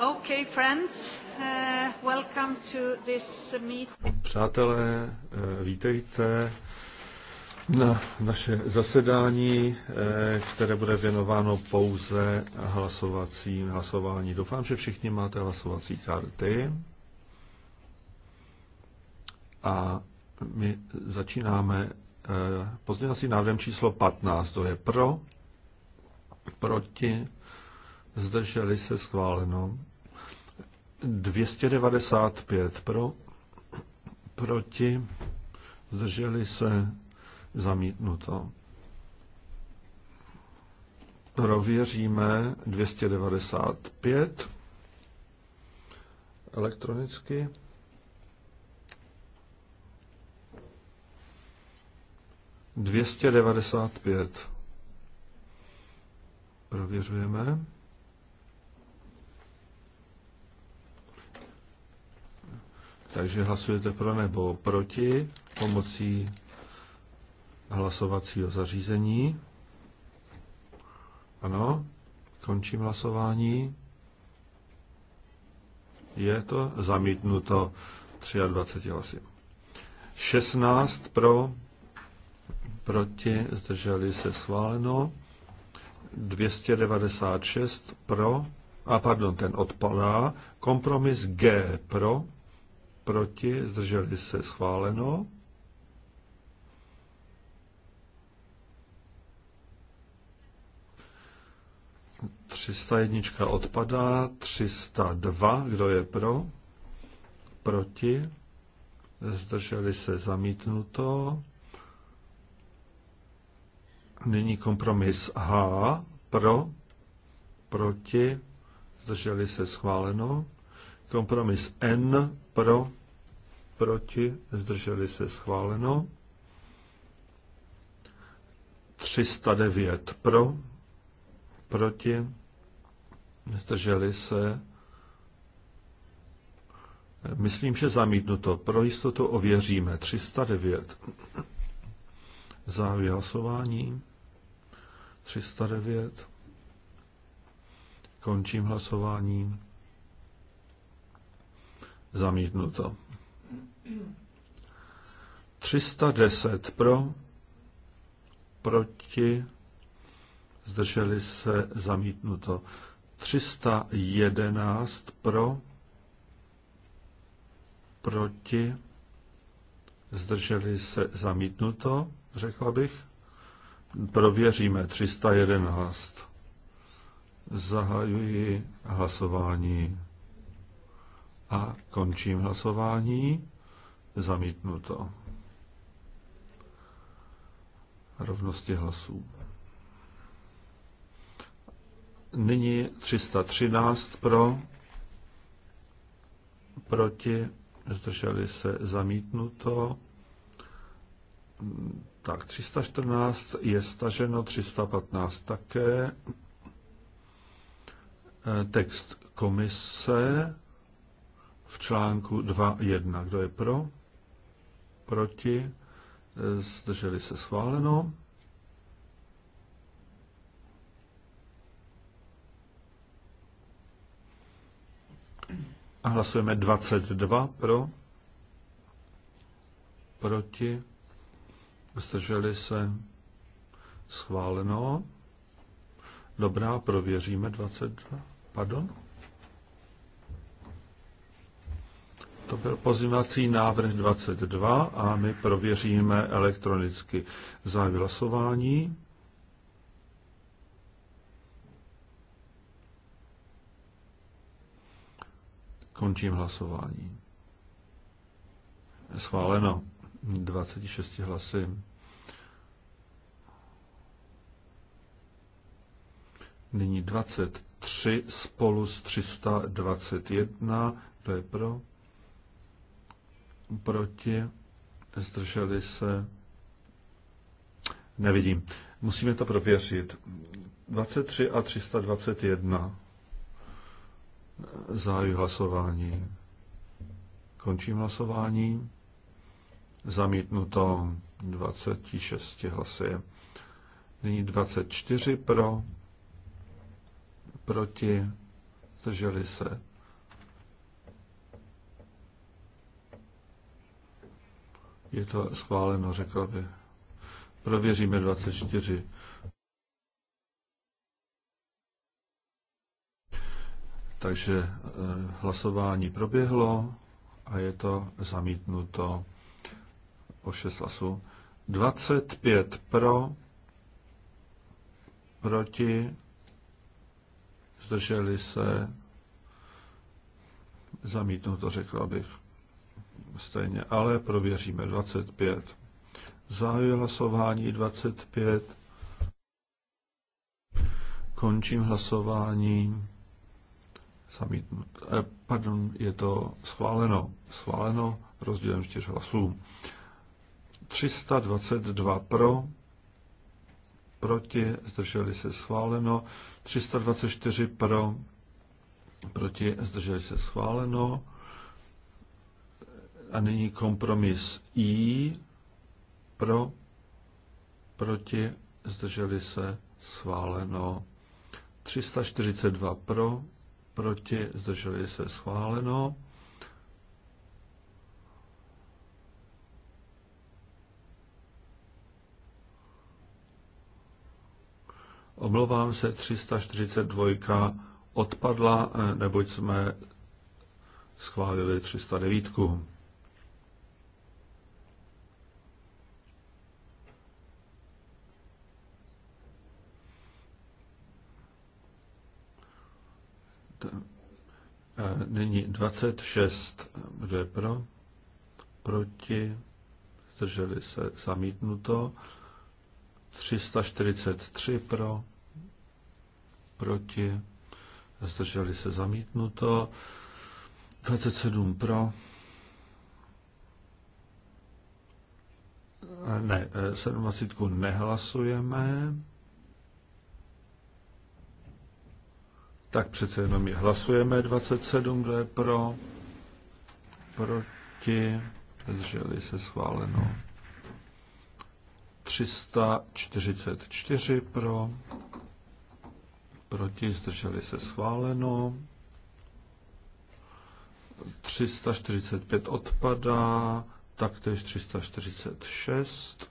Okay, friends, uh, welcome to this meet. Přátelé, uh, vítejte na naše zasedání, uh, které bude věnováno pouze hlasovacím hlasování. Doufám, že všichni máte hlasovací karty. A my začínáme uh, pozdělací návrhem číslo 15. To je pro, proti, zdrželi se schváleno. 295 pro, proti, zdrželi se, zamítnuto. Prověříme 295 elektronicky. Dvěstě devadesát pět. Prověřujeme. Takže hlasujete pro nebo proti pomocí hlasovacího zařízení. Ano, končím hlasování. Je to zamítnuto 23 hlasy. 16 pro, proti, zdrželi se schváleno. 296 pro, a pardon, ten odpadá. Kompromis G pro, proti, zdrželi se schváleno. Třista jednička odpadá, 302, kdo je pro, proti, zdrželi se zamítnuto. Nyní kompromis H, pro, proti, zdrželi se schváleno. Kompromis N, pro, proti, zdrželi se schváleno. 309 pro, proti, zdrželi se. Myslím, že zamítnuto. Pro jistotu ověříme. 309. za hlasování. 309. Končím hlasování. Zamítnuto. 310 pro, proti, zdrželi se, zamítnuto. 311 pro, proti, zdrželi se, zamítnuto, řekla bych. Prověříme 311. Zahajuji hlasování. A končím hlasování. Zamítnuto. Rovnosti hlasů. Nyní 313 pro, proti, zdrželi se zamítnuto. Tak 314 je staženo, 315 také. Text komise v článku 2.1. Kdo je pro? Proti? Zdrželi se schváleno. A hlasujeme 22 pro, proti, zdrželi se, schváleno. Dobrá, prověříme 22. Pardon? To byl pozměňovací návrh 22 a my prověříme elektronicky zájem hlasování. Končím hlasování. Schváleno 26 hlasy. Nyní 23 spolu s 321. Kdo je pro? proti, zdrželi se, nevidím. Musíme to prověřit. 23 a 321. Zahajuji hlasování. Končím hlasování. Zamítnuto 26 hlasy. Nyní 24 pro, proti, zdrželi se Je to schváleno, řekla by. Prověříme 24. Takže eh, hlasování proběhlo a je to zamítnuto o 6 hlasů. 25 pro, proti, zdrželi se, zamítnuto, řekl bych stejně, ale prověříme 25. Zahajuji hlasování 25. Končím hlasování. Zamítnut. Eh, pardon, je to schváleno. Schváleno rozdílem 4 hlasů. 322 pro, proti, zdrželi se schváleno. 324 pro, proti, zdrželi se schváleno. A nyní kompromis I pro, proti, zdrželi se, schváleno. 342 pro, proti, zdrželi se, schváleno. Omlouvám se, 342 odpadla, neboť jsme schválili 309. Eh, nyní 26. Kdo je pro? Proti? Zdrželi se zamítnuto. 343 pro? Proti? Zdrželi se zamítnuto. 27 pro. Eh, ne, 27 eh, nehlasujeme. tak přece jenom je hlasujeme 27, kdo je pro, proti, zželi se schváleno 344 pro, proti, zdrželi se schváleno 345 odpadá, taktéž 346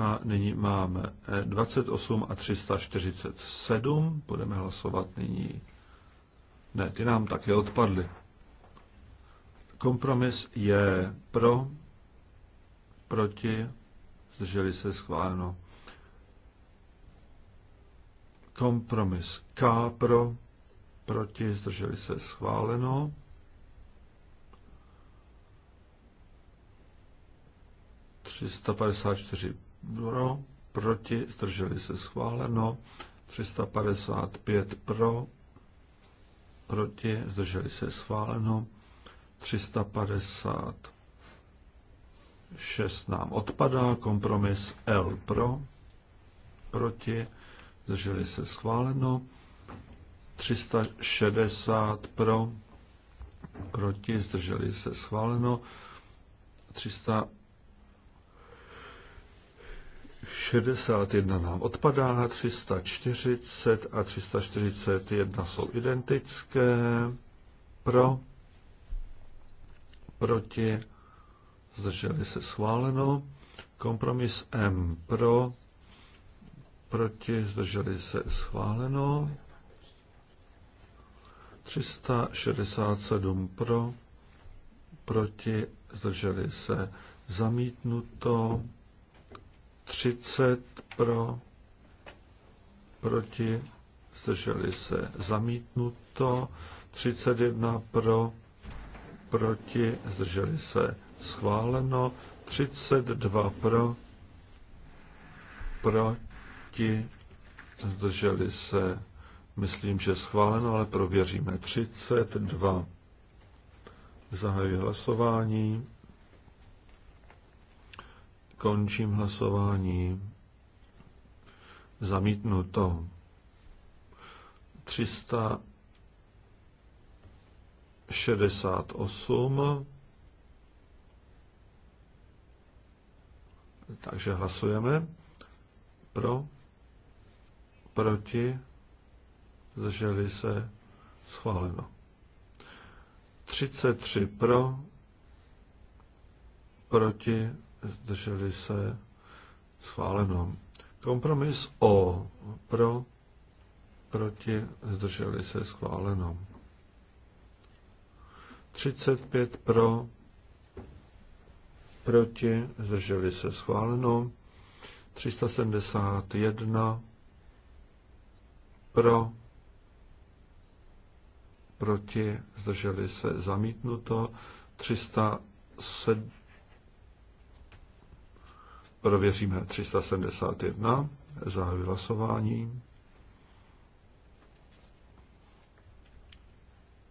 a nyní máme 28 eh, a 347. Budeme hlasovat nyní. Ne, ty nám také odpadly. Kompromis je pro, proti, zdrželi se schváleno. Kompromis K pro, proti, zdrželi se schváleno. Tři pro, proti, zdrželi se schváleno, 355 pro, proti, zdrželi se schváleno, 356 nám odpadá, kompromis L pro, proti, zdrželi se schváleno, 360 pro, proti, zdrželi se schváleno, 300 61 nám odpadá, 340 a 341 jsou identické. Pro, proti, zdrželi se schváleno. Kompromis M pro, proti, zdrželi se schváleno. 367 pro, proti, zdrželi se zamítnuto. 30 pro, proti, zdrželi se zamítnuto, 31 pro, proti, zdrželi se schváleno, 32 pro, proti, zdrželi se, myslím, že schváleno, ale prověříme, 32. Zahajuji hlasování. Končím hlasování. Zamítnuto. 368. Takže hlasujeme. Pro. Proti. Zdrželi se. Schváleno. 33 pro. Proti zdrželi se, schváleno. Kompromis O, pro, proti, zdrželi se, schváleno. 35 pro, proti, zdrželi se, schváleno. 371 pro, proti, zdrželi se, zamítnuto. 307 prověříme 371, zahajuji hlasování.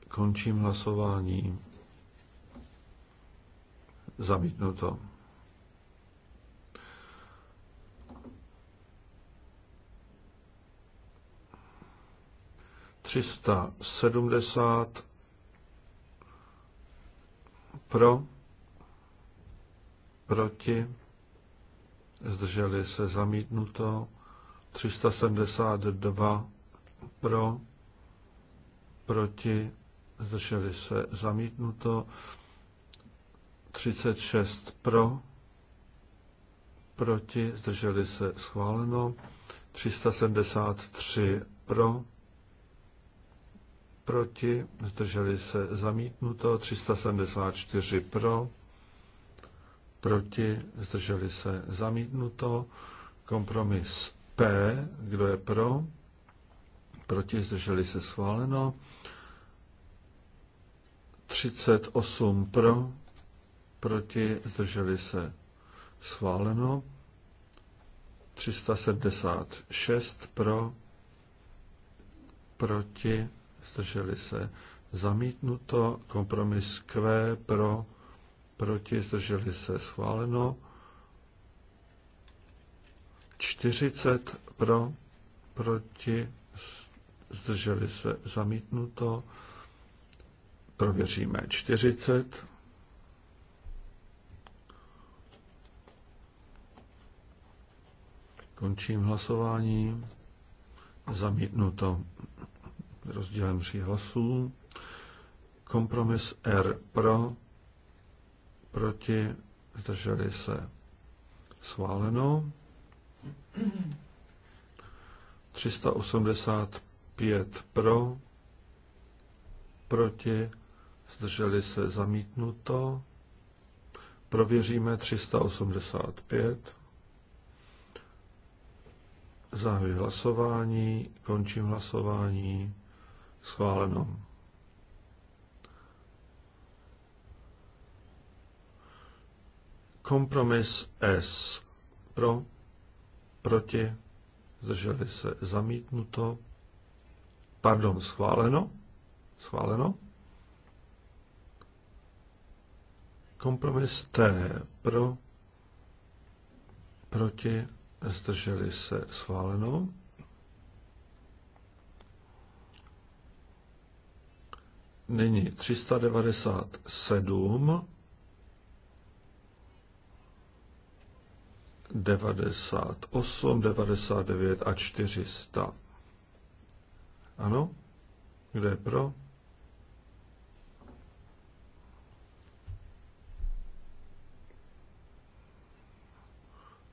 Končím hlasování. Zamítnuto. Třista sedmdesát pro, proti, zdrželi se zamítnuto, 372 pro, proti, zdrželi se zamítnuto, 36 pro, proti, zdrželi se schváleno, 373 pro, proti, zdrželi se zamítnuto, 374 pro, proti, zdrželi se zamítnuto, kompromis P, kdo je pro, proti, zdrželi se schváleno, 38 pro, proti, zdrželi se schváleno, 376 pro, proti, zdrželi se zamítnuto, kompromis Q pro, proti, zdrželi se schváleno, 40 pro, proti, zdrželi se zamítnuto, prověříme 40, Končím hlasování. Zamítnuto rozdílem tří hlasů. Kompromis R pro, proti, zdrželi se schváleno. 385 pro, proti, zdrželi se zamítnuto. Prověříme 385. Zahajuji hlasování, končím hlasování, schváleno. Kompromis S. Pro, proti, zdrželi se, zamítnuto. Pardon, schváleno. Schváleno. Kompromis T. Pro, proti, zdrželi se, schváleno. Nyní 397 98, 99 a 400. Ano? Kde je pro?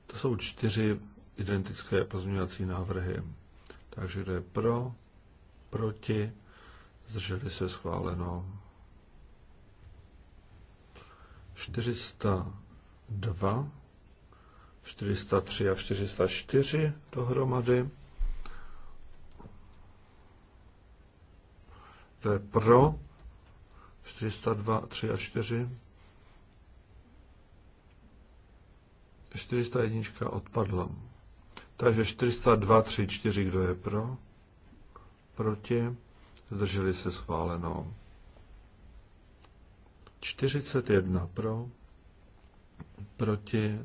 To jsou čtyři identické pozměňovací návrhy. Takže kde je pro, proti, zdrželi se schváleno. 402 403 a 404 dohromady. To je pro 402, 3 a 4. 401 odpadla. Takže 402, 3, 4, kdo je pro? Proti? Zdrželi se schváleno. 41 pro, proti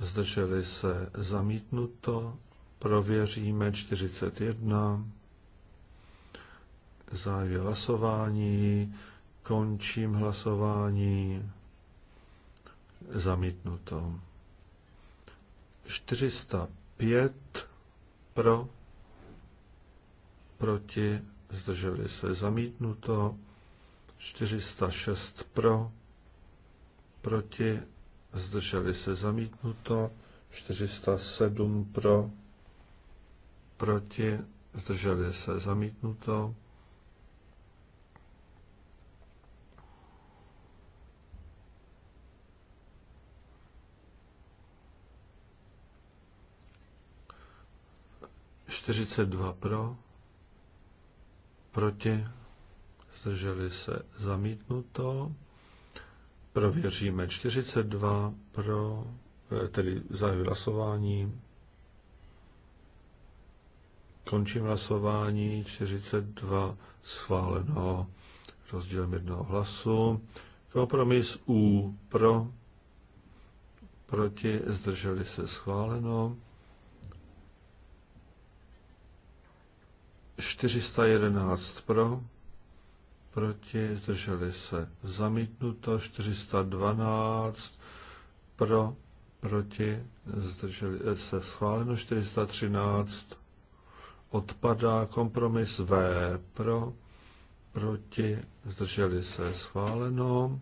zdrželi se zamítnuto, prověříme 41, zájem hlasování, končím hlasování, zamítnuto. 405 pro, proti, zdrželi se zamítnuto, 406 pro, proti, zdrželi se zamítnuto, 407 pro, proti, zdrželi se zamítnuto. Čtyřicet dva pro, proti, zdrželi se zamítnuto. Prověříme 42 pro, eh, tedy zahajuji hlasování. Končím hlasování 42 schváleno rozdílem jednoho hlasu. Kompromis U pro, proti, zdrželi se schváleno. 411 pro, proti, zdrželi se zamítnuto, 412 pro, proti, zdrželi se schváleno, 413 odpadá, kompromis V pro, proti, zdrželi se schváleno.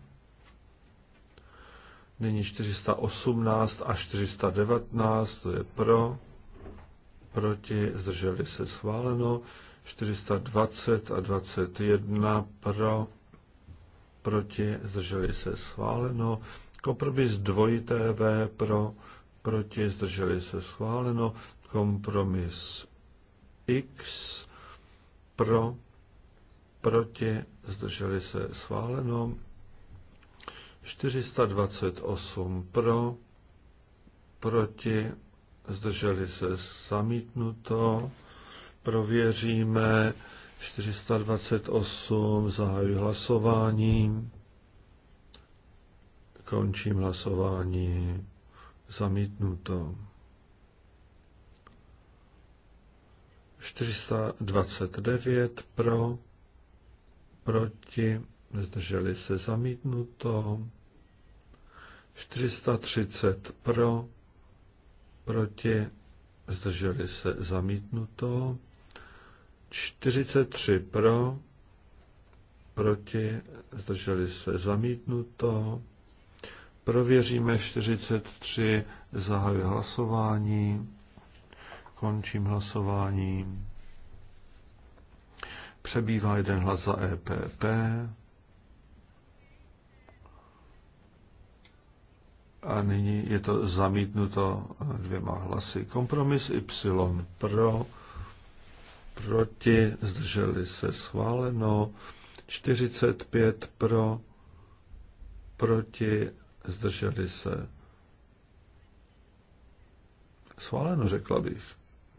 Nyní 418 a 419, to je pro, proti, zdrželi se schváleno. 420 a 21 pro, proti, zdrželi se schváleno. Kompromis dvojité V pro, proti, zdrželi se schváleno. Kompromis X pro, proti, zdrželi se schváleno. 428 pro, proti, zdrželi se zamítnuto prověříme 428, zahajuji hlasování, končím hlasování, zamítnuto. 429 pro, proti, zdrželi se zamítnuto, 430 pro, proti, zdrželi se zamítnuto, 43 pro, proti, zdrželi se zamítnuto. Prověříme 43, zahajuji hlasování, končím hlasování. Přebývá jeden hlas za EPP. A nyní je to zamítnuto dvěma hlasy. Kompromis Y pro, proti, zdrželi se schváleno, 45 pro, proti, zdrželi se schváleno, řekla bych.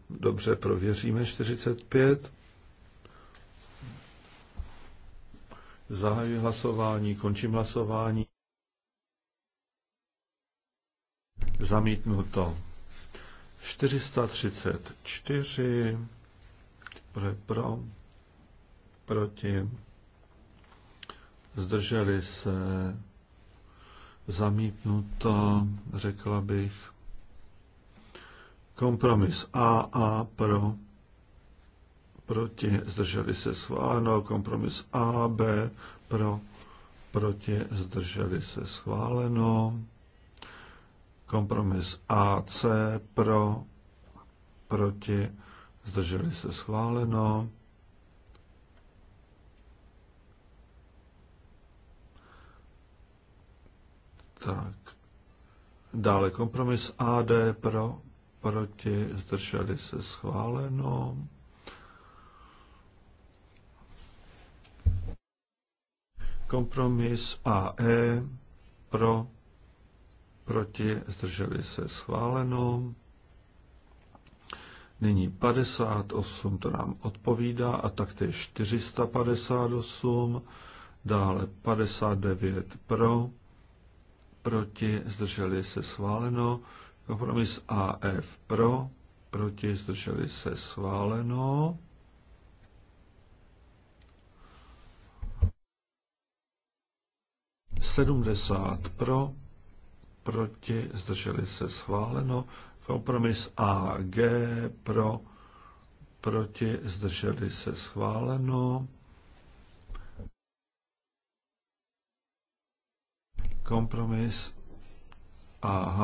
Dobře, prověříme 45. Zahajuji hlasování, končím hlasování. Zamítnuto. 434 kdo pro? Proti? Zdrželi se? Zamítnuto, řekla bych. Kompromis A a pro. Proti? Zdrželi se? Schváleno. Kompromis A, B pro. Proti? Zdrželi se? Schváleno kompromis A C pro, proti, zdrželi se schváleno. Tak. Dále kompromis AD pro, proti, zdrželi se schváleno. Kompromis AE pro, proti, zdrželi se schváleno. Nyní 58, to nám odpovídá, a tak je 458, dále 59 pro, proti, zdrželi se schváleno, kompromis AF pro, proti, zdrželi se schváleno. Sedmdesát pro, proti, zdrželi se schváleno, Kompromis AG pro, proti, zdrželi se schváleno. Kompromis AH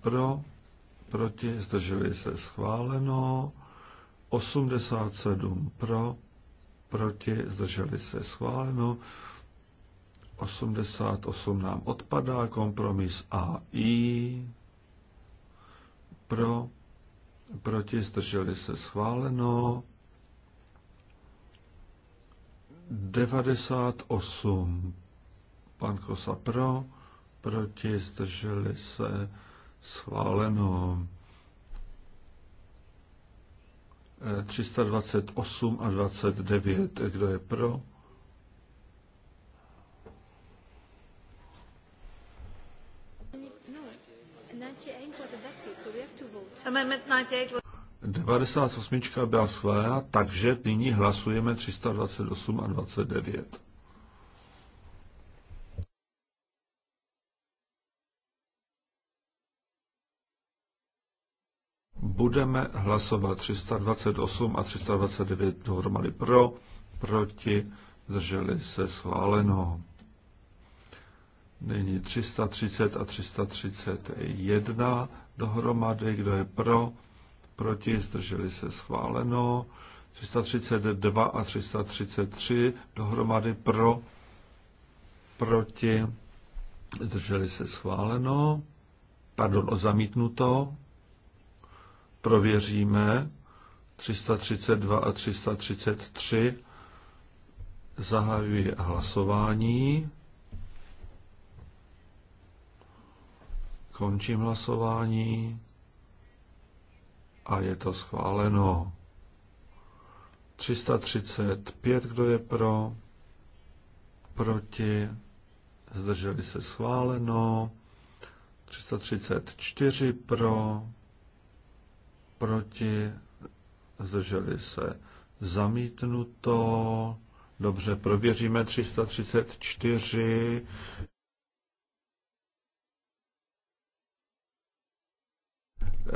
pro, proti, zdrželi se schváleno. 87 pro, proti, zdrželi se schváleno. 88 nám odpadá, kompromis AI pro, proti, zdrželi se schváleno. 98. Pan Kosa pro, proti, zdrželi se schváleno. 328 a 29. Kdo je pro? 98 byla schválena, takže nyní hlasujeme 328 a 29. Budeme hlasovat 328 a 329 dohromady pro, proti, zdrželi se schváleno. Nyní 330 a 331 dohromady, kdo je pro, proti, zdrželi se schváleno, 332 a 333 dohromady pro, proti, zdrželi se schváleno, pardon, o zamítnuto, prověříme, 332 a 333 zahajuji hlasování. Končím hlasování a je to schváleno. 335, kdo je pro, proti, zdrželi se schváleno. 334 pro, proti, zdrželi se zamítnuto. Dobře, prověříme 334. Eh,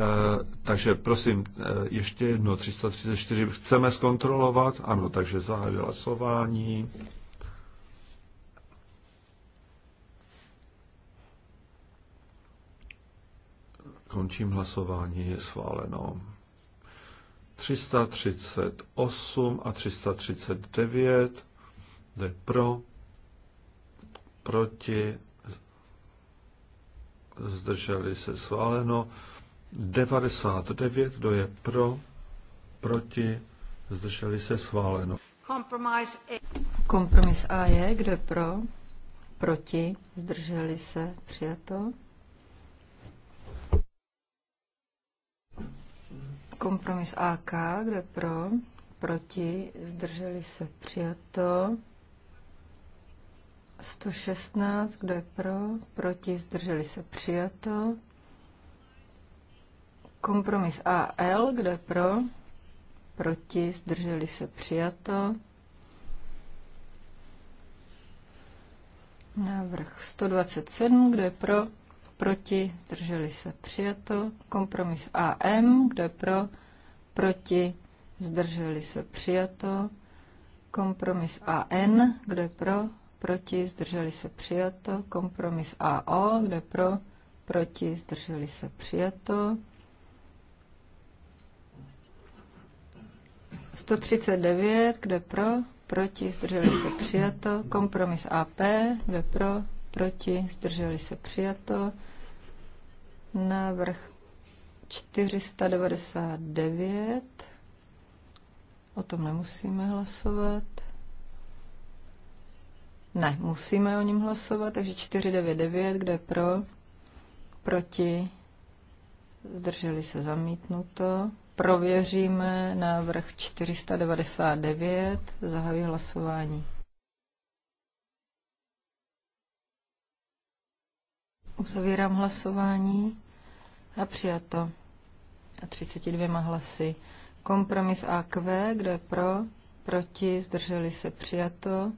takže prosím, eh, ještě jedno, 334 chceme zkontrolovat, ano, takže zahájí hlasování. Končím hlasování, je schváleno. 338 a 339 jde pro, proti, zdrželi se schváleno. 99, kdo je pro, proti, zdrželi se schváleno. Kompromis A je, kdo je pro, proti, zdrželi se přijato. Kompromis AK, kdo je pro, proti, zdrželi se přijato. 116, kdo je pro, proti, zdrželi se přijato. Kompromis AL, kde pro, proti, zdrželi se přijato. Návrh 127, kdo je pro, proti, zdrželi se přijato. Kompromis AM, kdo je pro, proti, zdrželi se přijato. Kompromis AN, kdo je pro, proti, zdrželi se přijato. Kompromis AO, kdo je pro, proti, zdrželi se přijato. 139, kde pro, proti, zdrželi se přijato. Kompromis AP, kde pro, proti, zdrželi se přijato. Návrh 499, o tom nemusíme hlasovat. Ne, musíme o něm hlasovat, takže 499, kde pro, proti, zdrželi se zamítnuto. Prověříme návrh 499. Zahajuji hlasování. Uzavírám hlasování a přijato. A 32 hlasy. Kompromis AQ, kdo je pro, proti, zdrželi se přijato.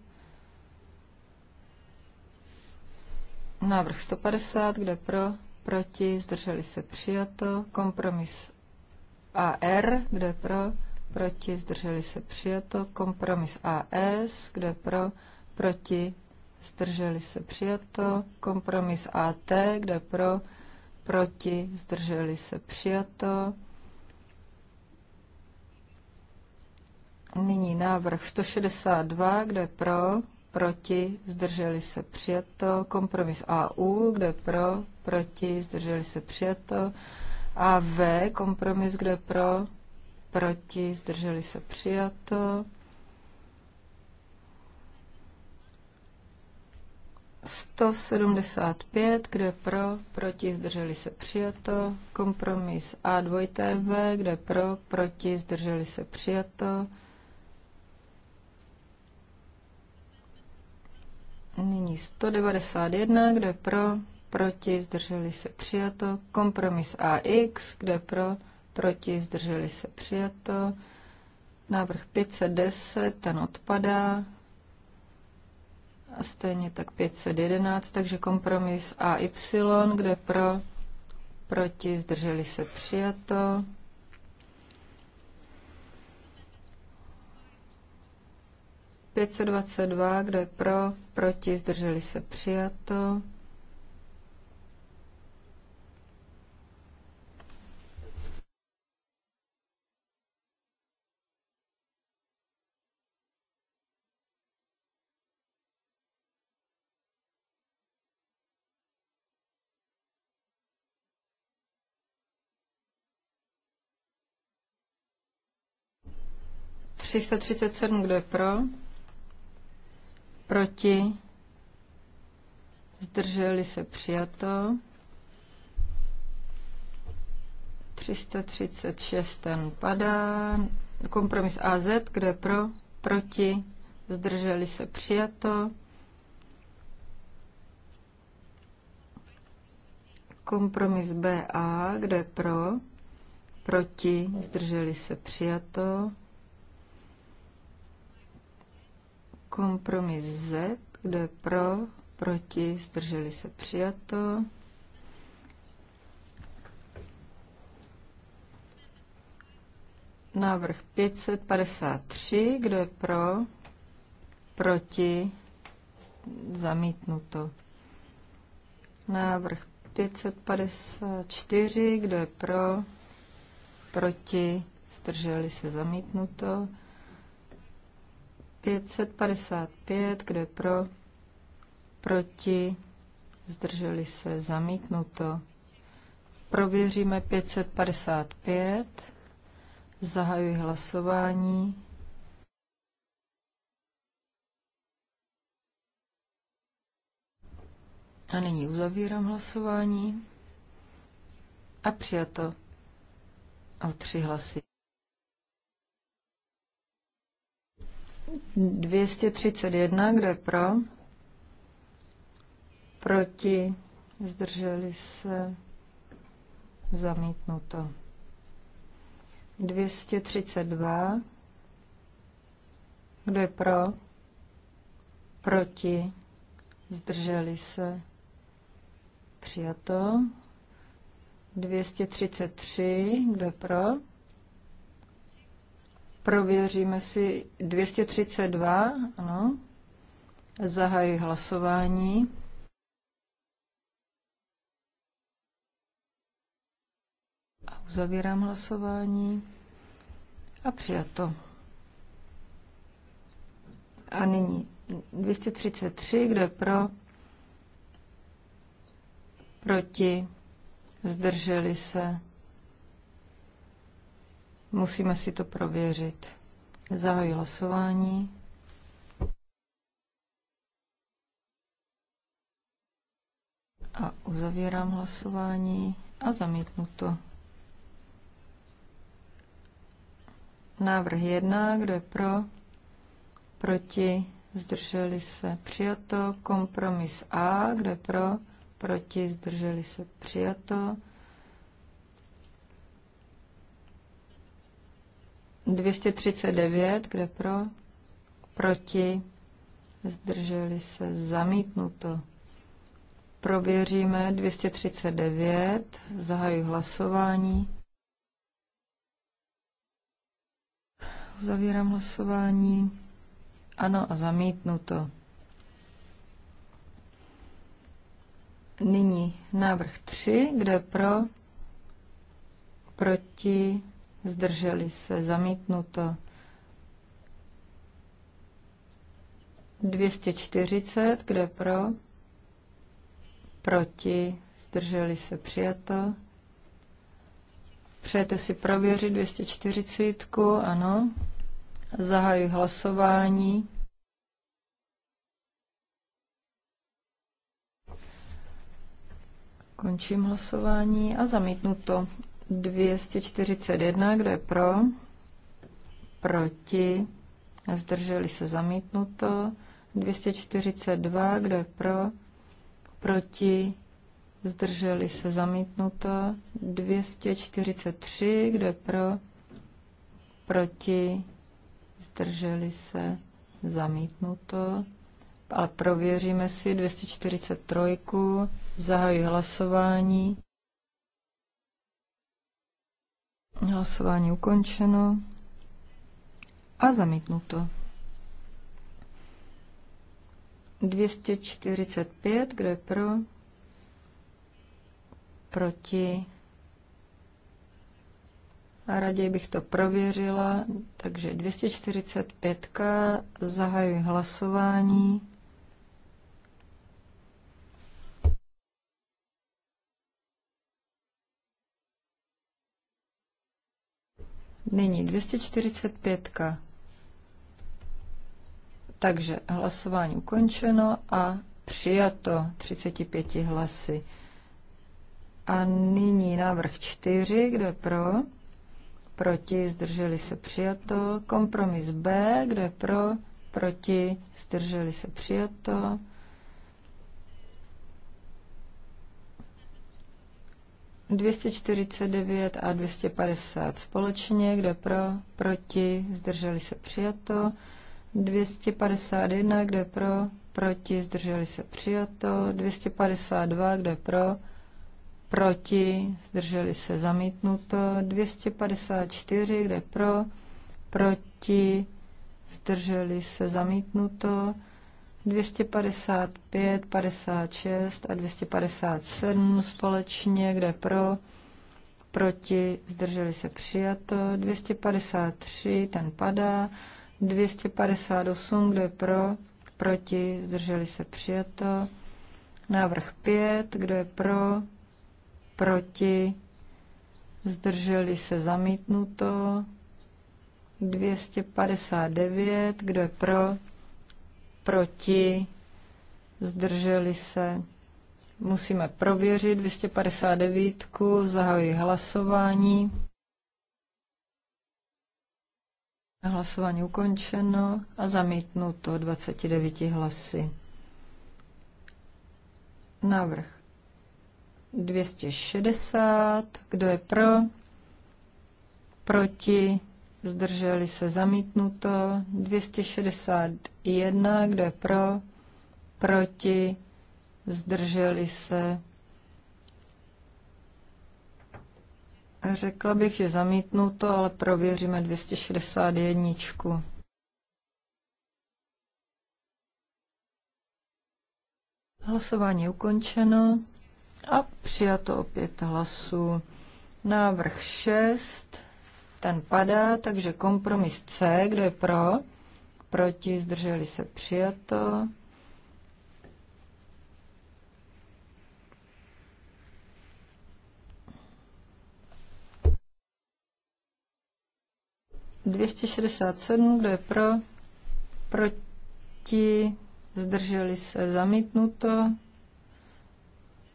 Návrh 150, kdo je pro, proti, zdrželi se přijato. Kompromis AR, kdo je pro, proti, zdrželi se přijato. Kompromis AS, kdo je pro, proti, zdrželi se přijato. Kompromis AT, kdo je pro, proti, zdrželi se přijato. Nyní návrh 162, kde pro, proti, zdrželi se přijato. Kompromis AU, kde pro, proti, zdrželi se přijato. A V, kompromis, kdo je pro, proti, zdrželi se přijato. 175, kdo je pro, proti, zdrželi se přijato. Kompromis A dvojité V, kdo je pro, proti, zdrželi se přijato. Nyní 191, kdo je pro, proti, zdrželi se přijato. Kompromis AX, kde pro, proti, zdrželi se přijato. Návrh 510, ten odpadá. A stejně tak 511, takže kompromis AY, kde pro, proti, zdrželi se přijato. Pět kde pro, proti, zdrželi se přijato. 337, kdo je pro? Proti? Zdrželi se přijato. 336 ten padá. Kompromis AZ, kdo je pro? Proti? Zdrželi se přijato. Kompromis BA, kdo je pro? Proti? Zdrželi se přijato. Kompromis Z, kdo je pro, proti, zdrželi se přijato. Návrh 553, kdo je pro, proti, zamítnuto. Návrh 554, kdo je pro, proti, zdrželi se zamítnuto. 555, kdo je pro, proti, zdrželi se, zamítnuto. Prověříme 555, zahajuji hlasování. A nyní uzavírám hlasování. A přijato o tři hlasy. 231, kdo je pro? Proti? Zdrželi se? Zamítnuto. 232. Kdo je pro? Proti? Zdrželi se? Přijato. 233. Kdo je pro? Prověříme si 232, ano. Zahajuji hlasování. A uzavírám hlasování. A přijato. A nyní 233, kdo je pro? Proti? Zdrželi se? Musíme si to prověřit. Zahajuji hlasování. A uzavírám hlasování a zamítnu to. Návrh 1, kdo je pro? Proti? Zdrželi se? Přijato. Kompromis A, kdo je pro? Proti? Zdrželi se? Přijato. 239, kde pro? Proti? Zdrželi se zamítnuto. Prověříme 239, Zahaju hlasování. Zavírám hlasování. Ano a zamítnuto. Nyní návrh 3, kde pro, proti, zdrželi se, zamítnuto. 240, kde pro, proti, zdrželi se, přijato. Přejete si prověřit 240, ano. Zahajuji hlasování. Končím hlasování a zamítnu to. 241, kdo je pro? Proti? Zdrželi se zamítnuto. 242, kdo je pro? Proti? Zdrželi se zamítnuto. 243, kdo je pro? Proti? Zdrželi se zamítnuto. A prověříme si 243. Zahajuji hlasování. Hlasování ukončeno a zamítnuto. 245, kdo je pro? Proti? A raději bych to prověřila. Takže 245, zahajuji hlasování. Nyní 245. -ka. Takže hlasování ukončeno a přijato 35 hlasy. A nyní návrh 4, kdo je pro? Proti, zdrželi se přijato. Kompromis B, kdo je pro? Proti, zdrželi se přijato. 249 a 250 společně, kde pro, proti, zdrželi se přijato. 251, kde pro, proti, zdrželi se přijato. 252, kde pro, proti, zdrželi se zamítnuto. 254, kde pro, proti, zdrželi se zamítnuto. 255, 56 a 257 společně, kde pro, proti, zdrželi se přijato, 253, ten padá, 258, kde pro, proti, zdrželi se přijato, návrh 5, kde je pro, proti, zdrželi se zamítnuto, 259, kdo je pro, proti, zdrželi se. Musíme prověřit 259, zahajuji hlasování. Hlasování ukončeno a zamítnuto 29 hlasy. Návrh 260. Kdo je pro? Proti? zdrželi se zamítnuto, 261, kdo je pro, proti, zdrželi se. Řekla bych, že zamítnuto, ale prověříme 261. Hlasování je ukončeno a přijato opět hlasů. Návrh 6 ten padá, takže kompromis C, kdo je pro, proti, zdrželi se přijato. Dvěstě šedesát sedm, kdo je pro, proti, zdrželi se zamítnuto.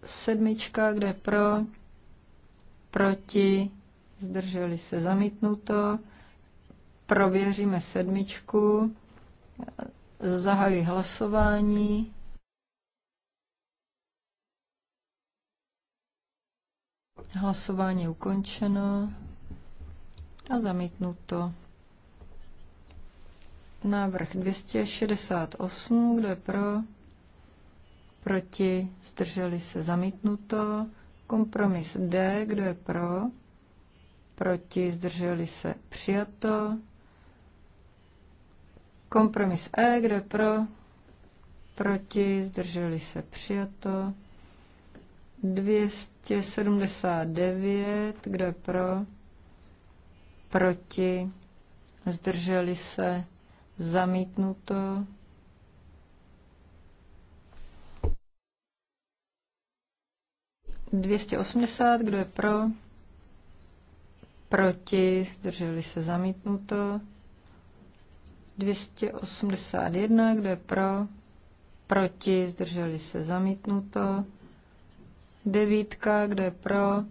Sedmička, kde pro, proti, zdrželi se zamítnuto. Prověříme sedmičku. Zahajuji hlasování. Hlasování je ukončeno a zamítnuto. Návrh 268, kdo je pro? Proti, zdrželi se, zamítnuto. Kompromis D, kdo je pro? proti, zdrželi se, přijato. Kompromis E, kdo je pro, proti, zdrželi se, přijato. 279, kdo je pro, proti, zdrželi se, zamítnuto. Dvěstě osmdesát, kdo je pro? proti, zdrželi se zamítnuto. 281, kdo je pro, proti, zdrželi se zamítnuto. Devítka, kdo je pro,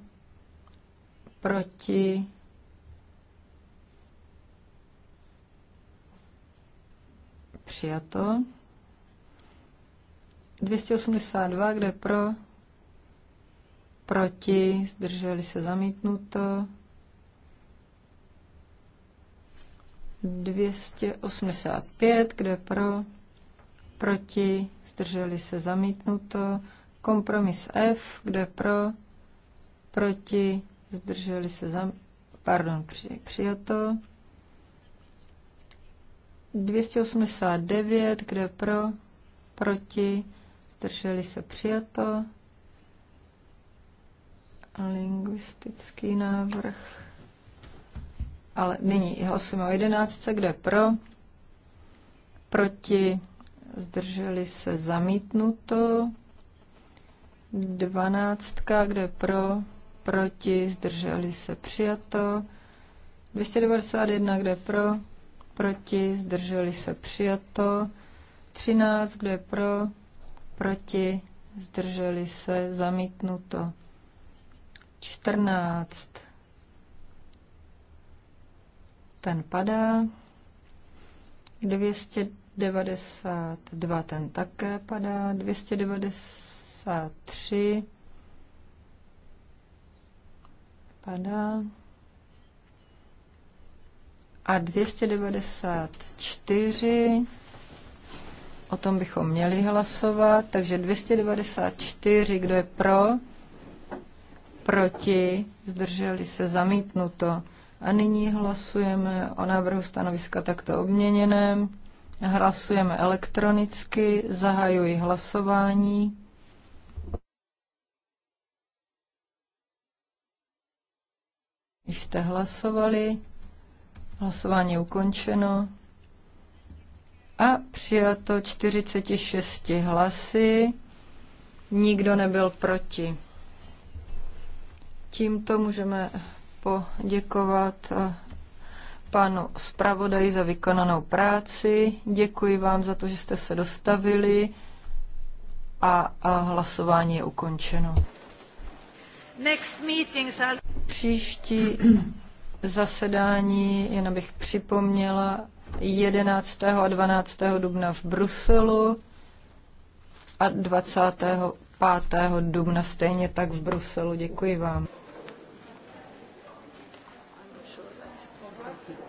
proti, přijato. 282, kde pro, proti, zdrželi se zamítnuto. 285, kdo je pro, proti, zdrželi se zamítnuto. Kompromis F, kdo je pro, proti, zdrželi se zam, pardon, při, přijato. 289, kdo je pro, proti, zdrželi se přijato. Lingvistický návrh ale nyní hlasujeme o jedenáctce, kde pro, proti, zdrželi se zamítnuto, Dvanáctka, kde pro, proti, zdrželi se přijato, 291, kde pro, proti, zdrželi se přijato, 13, kde pro, proti, zdrželi se zamítnuto, 14, ten padá. 292 ten také padá. 293 padá. A 294 O tom bychom měli hlasovat. Takže 294, kdo je pro, proti, zdrželi se zamítnuto. A nyní hlasujeme o návrhu stanoviska takto obměněném. Hlasujeme elektronicky, zahajuji hlasování. Když jste hlasovali, hlasování je ukončeno a přijato 46 hlasy, nikdo nebyl proti. Tímto můžeme poděkovat eh, panu zpravodaji za vykonanou práci. Děkuji vám za to, že jste se dostavili a, a hlasování je ukončeno. Next meeting, Příští zasedání, jen abych připomněla, 11. a 12. dubna v Bruselu a 25. dubna stejně tak v Bruselu. Děkuji vám.